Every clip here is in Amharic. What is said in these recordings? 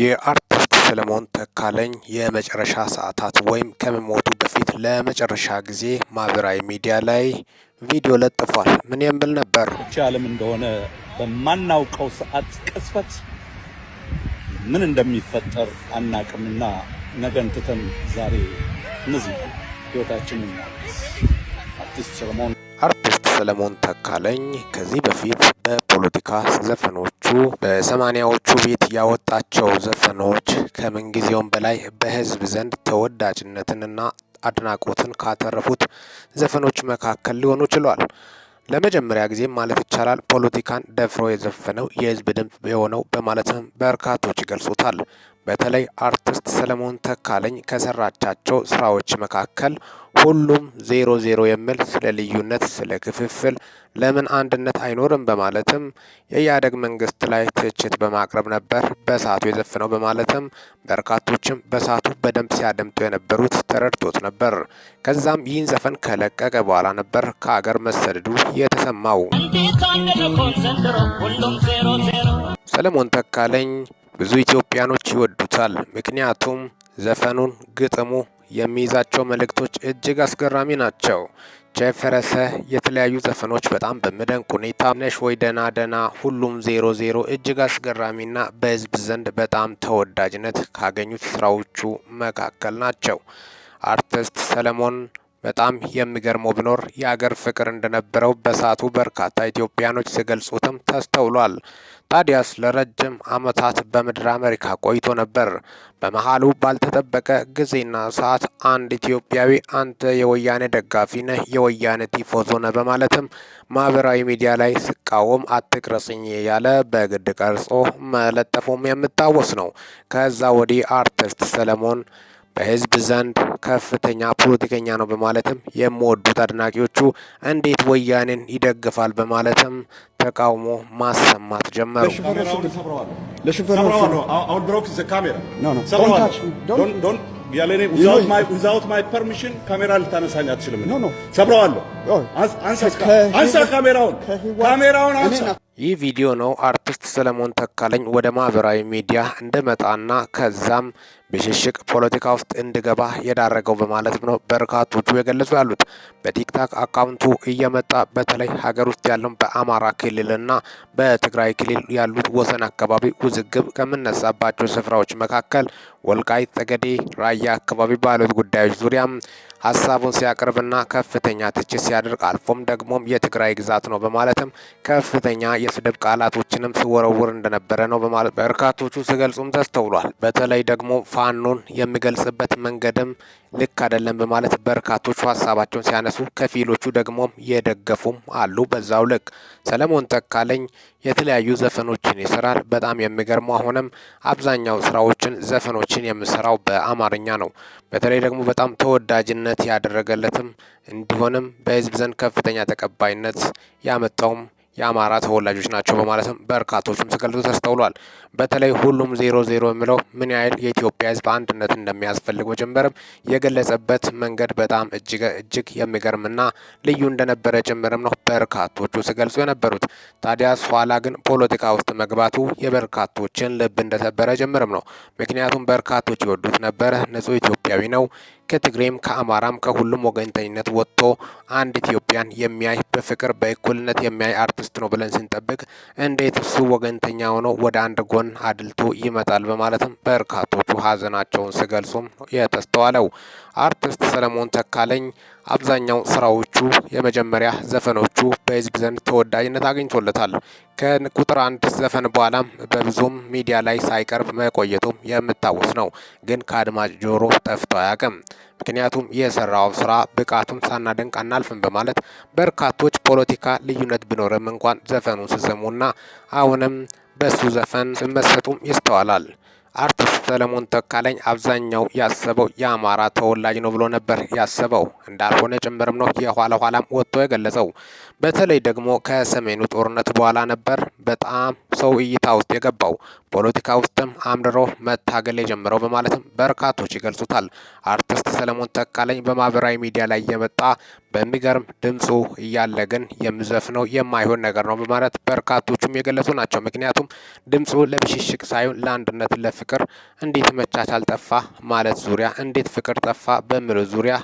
የአርቲስት ሰለሞን ተካለኝ የመጨረሻ ሰዓታት ወይም ከመሞቱ በፊት ለመጨረሻ ጊዜ ማህበራዊ ሚዲያ ላይ ቪዲዮ ለጥፏል። ምን የምል ነበር? ብቻ ዓለም እንደሆነ በማናውቀው ሰዓት ቅጽበት ምን እንደሚፈጠር አናቅምና ነገን ትተን ዛሬ እነዚህ ህይወታችን አርቲስት ሰለሞን አርቲስት ሰለሞን ተካለኝ ከዚህ በፊት ፖለቲካ ዘፈኖቹ በሰማኒያዎቹ ቤት ያወጣቸው ዘፈኖች ከምንጊዜውም በላይ በህዝብ ዘንድ ተወዳጅነትንና አድናቆትን ካተረፉት ዘፈኖች መካከል ሊሆኑ ችሏል። ለመጀመሪያ ጊዜ ማለት ይቻላል ፖለቲካን ደፍሮ የዘፈነው የህዝብ ድምፅ የሆነው በማለትም በርካቶች ይገልጹታል። በተለይ አርቲስት ሰለሞን ተካልኝ ከሰራቻቸው ስራዎች መካከል ሁሉም ዜሮ ዜሮ የሚል ስለ ልዩነት፣ ስለ ክፍፍል ለምን አንድነት አይኖርም በማለትም የኢህአዴግ መንግስት ላይ ትችት በማቅረብ ነበር በሰዓቱ የዘፍነው በማለትም በርካቶችም በሰዓቱ በደንብ ሲያደምጡ የነበሩት ተረድቶት ነበር። ከዛም ይህን ዘፈን ከለቀቀ በኋላ ነበር ከአገር መሰደዱ የተሰማው። ሰለሞን ተካልኝ ብዙ ኢትዮጵያኖች ይወዱታል። ምክንያቱም ዘፈኑን፣ ግጥሙ፣ የሚይዛቸው መልእክቶች እጅግ አስገራሚ ናቸው። ቸፈረሰ የተለያዩ ዘፈኖች በጣም በሚደንቅ ሁኔታ ነሽ ወይ ደና ደና፣ ሁሉም ዜሮ ዜሮ እጅግ አስገራሚና በህዝብ ዘንድ በጣም ተወዳጅነት ካገኙት ስራዎቹ መካከል ናቸው። አርቲስት ሰለሞን በጣም የሚገርመው ቢኖር የአገር ፍቅር እንደነበረው በሰዓቱ በርካታ ኢትዮጵያኖች ሲገልጹትም ተስተውሏል። ታዲያስ ለረጅም ዓመታት በምድር አሜሪካ ቆይቶ ነበር። በመሃሉ ባልተጠበቀ ጊዜና ሰዓት አንድ ኢትዮጵያዊ አንተ የወያኔ ደጋፊ ነህ፣ የወያኔ ቲፎዞ ነህ በማለትም ማህበራዊ ሚዲያ ላይ ስቃወም አትቅረጽኝ ያለ በግድ ቀርጾ መለጠፉም የሚታወስ ነው። ከዛ ወዲህ አርቲስት ሰለሞን በህዝብ ዘንድ ከፍተኛ ፖለቲከኛ ነው በማለትም የሚወዱት አድናቂዎቹ እንዴት ወያኔን ይደግፋል በማለትም ተቃውሞ ማሰማት ጀመሩ። ካሜራ ልታነሳኝ አትችልም። ሰብረዋለሁ። አንሳ ካሜራውን፣ ካሜራውን አንሳ ይህ ቪዲዮ ነው አርቲስት ሰለሞን ተካለኝ ወደ ማህበራዊ ሚዲያ እንደመጣና ከዛም ብሽሽቅ ፖለቲካ ውስጥ እንድገባ የዳረገው በማለት ነው በርካቶቹ የገለጹ ያሉት። በቲክታክ አካውንቱ እየመጣ በተለይ ሀገር ውስጥ ያለው በአማራ ክልልና በትግራይ ክልል ያሉት ወሰን አካባቢ ውዝግብ ከምነሳባቸው ስፍራዎች መካከል ወልቃይት ጠገዴ፣ ራያ አካባቢ ባሉት ጉዳዮች ዙሪያ ሀሳቡን ሲያቀርብና ከፍተኛ ትችት ሲያደርግ አልፎም ደግሞም የትግራይ ግዛት ነው በማለትም ከፍተኛ የስድብ ቃላቶችንም ሲወረውር እንደነበረ ነው በማለት በርካቶቹ ሲገልጹም ተስተውሏል። በተለይ ደግሞ ፋኖን የሚገልጽበት መንገድም ልክ አይደለም በማለት በርካቶቹ ሀሳባቸውን ሲያነሱ፣ ከፊሎቹ ደግሞ የደገፉም አሉ። በዛው ልክ ሰለሞን ተካለኝ የተለያዩ ዘፈኖችን ይስራል። በጣም የሚገርሙ አሁንም አብዛኛው ስራዎችን ዘፈኖችን የምሰራው በአማርኛ ነው። በተለይ ደግሞ በጣም ተወዳጅነት ያደረገለትም እንዲሆንም በህዝብ ዘንድ ከፍተኛ ተቀባይነት ያመጣውም የአማራ ተወላጆች ናቸው በማለትም በርካቶችም ሲገልጹ ተስተውሏል። በተለይ ሁሉም ዜሮ ዜሮ የሚለው ምን ያህል የኢትዮጵያ ሕዝብ አንድነት እንደሚያስፈልግ ጭምርም የገለጸበት መንገድ በጣም እጅግ የሚገርምና ልዩ እንደነበረ ጭምርም ነው በርካቶቹ ሲገልጹ የነበሩት። ታዲያ ኋላ ግን ፖለቲካ ውስጥ መግባቱ የበርካቶችን ልብ እንደሰበረ ጭምርም ነው። ምክንያቱም በርካቶች ይወዱት ነበረ። ንጹህ ኢትዮጵያዊ ነው ከትግሬም ከአማራም ከሁሉም ወገንተኝነት ወጥቶ አንድ ኢትዮጵያን የሚያይ በፍቅር በእኩልነት የሚያይ አርቲስት ነው ብለን ስንጠብቅ እንዴት እሱ ወገንተኛ ሆኖ ወደ አንድ ጎን አድልቶ ይመጣል? በማለትም በርካቶቹ ሀዘናቸውን ሲገልጹም የተስተዋለው አርቲስት ሰለሞን ተካለኝ አብዛኛው ስራዎቹ የመጀመሪያ ዘፈኖቹ በህዝብ ዘንድ ተወዳጅነት አግኝቶለታል። ከቁጥር አንድ ዘፈን በኋላም በብዙም ሚዲያ ላይ ሳይቀርብ መቆየቱም የምታወስ ነው። ግን ከአድማጭ ጆሮ ጠፍቶ አያውቅም። ምክንያቱም የሰራው ስራ ብቃቱን ሳናደንቅ አናልፍም በማለት በርካቶች ፖለቲካ ልዩነት ቢኖርም እንኳን ዘፈኑን ስሰሙና አሁንም በሱ ዘፈን ስመሰጡም ይስተዋላል። አርቲስት ሰለሞን ተካልኝ አብዛኛው ያሰበው የአማራ ተወላጅ ነው ብሎ ነበር ያሰበው እንዳልሆነ ጭምርም ነው የኋላ ኋላም ወጥቶ የገለጸው። በተለይ ደግሞ ከሰሜኑ ጦርነት በኋላ ነበር በጣም ሰው እይታ ውስጥ የገባው። ፖለቲካ ውስጥም አምርሮ መታገል የጀመረው በማለትም በርካቶች ይገልጹታል። አርቲስት ሰለሞን ተካልኝ በማህበራዊ ሚዲያ ላይ የመጣ በሚገርም ድምፁ እያለ ግን የምዘፍነው የማይሆን ነገር ነው በማለት በርካቶቹም የገለጹ ናቸው። ምክንያቱም ድምፁ ለብሽሽቅ ሳይሆን ለአንድነት፣ ለፍቅር እንዴት መቻቻል ጠፋ ማለት ዙሪያ እንዴት ፍቅር ጠፋ በሚሉ ዙሪያ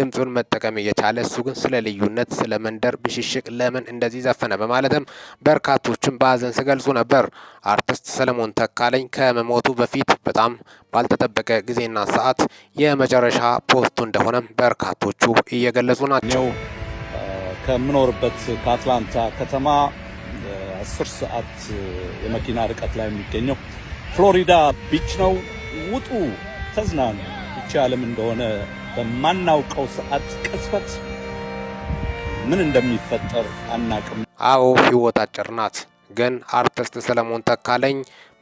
ድምፁን መጠቀም እየቻለ እሱ ግን ስለ ልዩነት፣ ስለ መንደር ብሽሽቅ ለምን እንደዚህ ዘፈነ በማለትም በርካቶቹም በሀዘን ሲገልጹ ነበር። አርቲስት ሰለሞን ተካለኝ ከመሞቱ በፊት በጣም ባልተጠበቀ ጊዜና ሰዓት የመጨረሻ ፖስቱ እንደሆነ በርካቶቹ እየገለጹ ናቸው። ከምኖርበት ከአትላንታ ከተማ አስር ሰዓት የመኪና ርቀት ላይ የሚገኘው ፍሎሪዳ ቢች ነው። ውጡ፣ ተዝናኑ። ይቺ ዓለም እንደሆነ በማናውቀው ሰዓት ቅጽበት ምን እንደሚፈጠር አናቅም። አዎ ህይወት አጭር ናት። ግን አርቲስት ሰለሞን ተካለኝ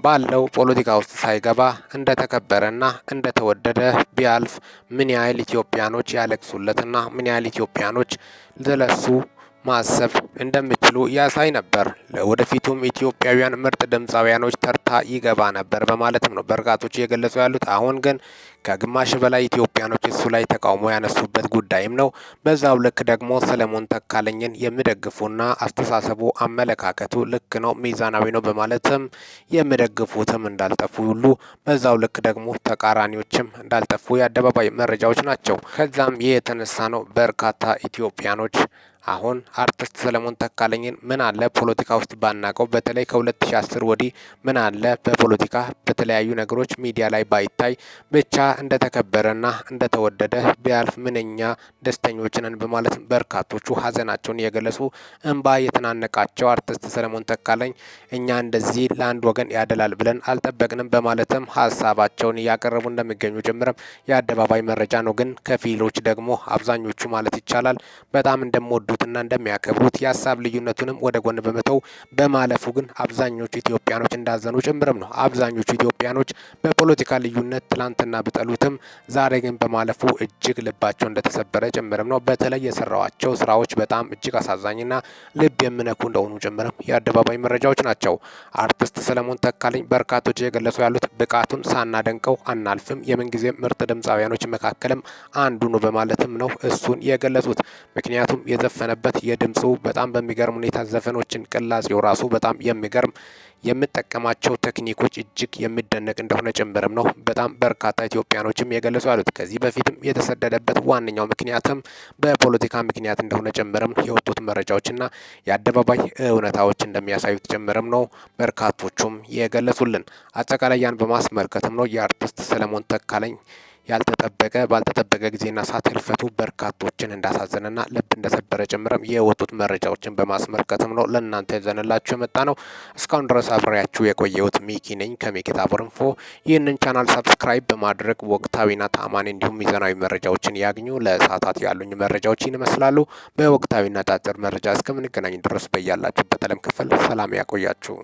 ባለው ፖለቲካ ውስጥ ሳይገባ እንደተከበረና እንደተወደደ ቢያልፍ ምን ያህል ኢትዮጵያኖች ያለቅሱለትና ምን ያህል ኢትዮጵያኖች ስለሱ ማሰብ እንደሚችሉ ያሳይ ነበር። ለወደፊቱም ኢትዮጵያውያን ምርጥ ድምፃውያኖች ተርታ ይገባ ነበር በማለትም ነው በርካቶች እየገለጹ ያሉት። አሁን ግን ከግማሽ በላይ ኢትዮጵያኖች እሱ ላይ ተቃውሞ ያነሱበት ጉዳይም ነው። በዛው ልክ ደግሞ ሰለሞን ተካለኝን የሚደግፉና አስተሳሰቡ አመለካከቱ ልክ ነው፣ ሚዛናዊ ነው በማለትም የሚደግፉትም እንዳልጠፉ ሁሉ በዛው ልክ ደግሞ ተቃራኒዎችም እንዳልጠፉ የአደባባይ መረጃዎች ናቸው። ከዛም ይህ የተነሳ ነው በርካታ ኢትዮጵያኖች አሁን አርቲስት ሰለሞን ተካለኝን ምን አለ ፖለቲካ ውስጥ ባናቀው፣ በተለይ ከ2010 ወዲህ ምን አለ በፖለቲካ በተለያዩ ነገሮች ሚዲያ ላይ ባይታይ፣ ብቻ እንደተከበረና እንደተወደደ ቢያልፍ ምንኛ ደስተኞች ነን በማለት በርካቶቹ ሀዘናቸውን የገለጹ እንባ የተናነቃቸው አርቲስት ሰለሞን ተካለኝ እኛ እንደዚህ ለአንድ ወገን ያደላል ብለን አልጠበቅንም በማለትም ሀሳባቸውን እያቀረቡ እንደሚገኙ ጭምርም የአደባባይ መረጃ ነው። ግን ከፊሎች ደግሞ አብዛኞቹ ማለት ይቻላል በጣም እንደሚወዱ እንደሚወዱትና እንደሚያከብሩት የሀሳብ ልዩነቱንም ወደ ጎን በመተው በማለፉ ግን አብዛኞቹ ኢትዮጵያኖች እንዳዘኑ ጭምርም ነው። አብዛኞቹ ኢትዮጵያኖች በፖለቲካ ልዩነት ትላንትና ብጠሉትም ዛሬ ግን በማለፉ እጅግ ልባቸው እንደተሰበረ ጭምርም ነው። በተለይ የሰራዋቸው ስራዎች በጣም እጅግ አሳዛኝና ልብ የሚነኩ እንደሆኑ ጭምርም የአደባባይ መረጃዎች ናቸው። አርቲስት ሰለሞን ተካልኝ በርካቶች እየገለጹ ያሉት ብቃቱን ሳናደንቀው አናልፍም፣ የምንጊዜ ምርጥ ድምፃውያኖች መካከልም አንዱ ነው በማለትም ነው እሱን የገለጹት። ምክንያቱም የዘፈ የተወሰነበት የድምፁ በጣም በሚገርም ሁኔታ ዘፈኖችን ቅላጼው ራሱ በጣም የሚገርም የምጠቀማቸው ቴክኒኮች እጅግ የሚደነቅ እንደሆነ ጭምርም ነው። በጣም በርካታ ኢትዮጵያኖችም የገለጹ ያሉት ከዚህ በፊትም የተሰደደበት ዋነኛው ምክንያትም በፖለቲካ ምክንያት እንደሆነ ጭምርም የወጡት መረጃዎችና የአደባባይ እውነታዎች እንደሚያሳዩት ጭምርም ነው በርካቶቹም የገለጹልን። አጠቃላይ ያን በማስመልከትም ነው የአርቲስት ሰለሞን ተካለኝ ያልተጠበቀ ባልተጠበቀ ጊዜና ሰዓት ህልፈቱ በርካቶችን እንዳሳዘነና ልብ እንደሰበረ ጭምርም የወጡት መረጃዎችን በማስመልከትም ነው ለእናንተ ይዘንላችሁ የመጣ ነው። እስካሁን ድረስ አብሬያችሁ የቆየሁት ሚኪ ነኝ ከሚኪ ታቦር ኢንፎ። ይህንን ቻናል ሰብስክራይብ በማድረግ ወቅታዊና ታማኒ እንዲሁም ሚዛናዊ መረጃዎችን ያግኙ። ለሰዓታት ያሉኝ መረጃዎች ይመስላሉ። በወቅታዊና ጫጭር መረጃ እስከምንገናኝ ድረስ በያላችሁበት ዓለም ክፍል ሰላም ያቆያችሁ።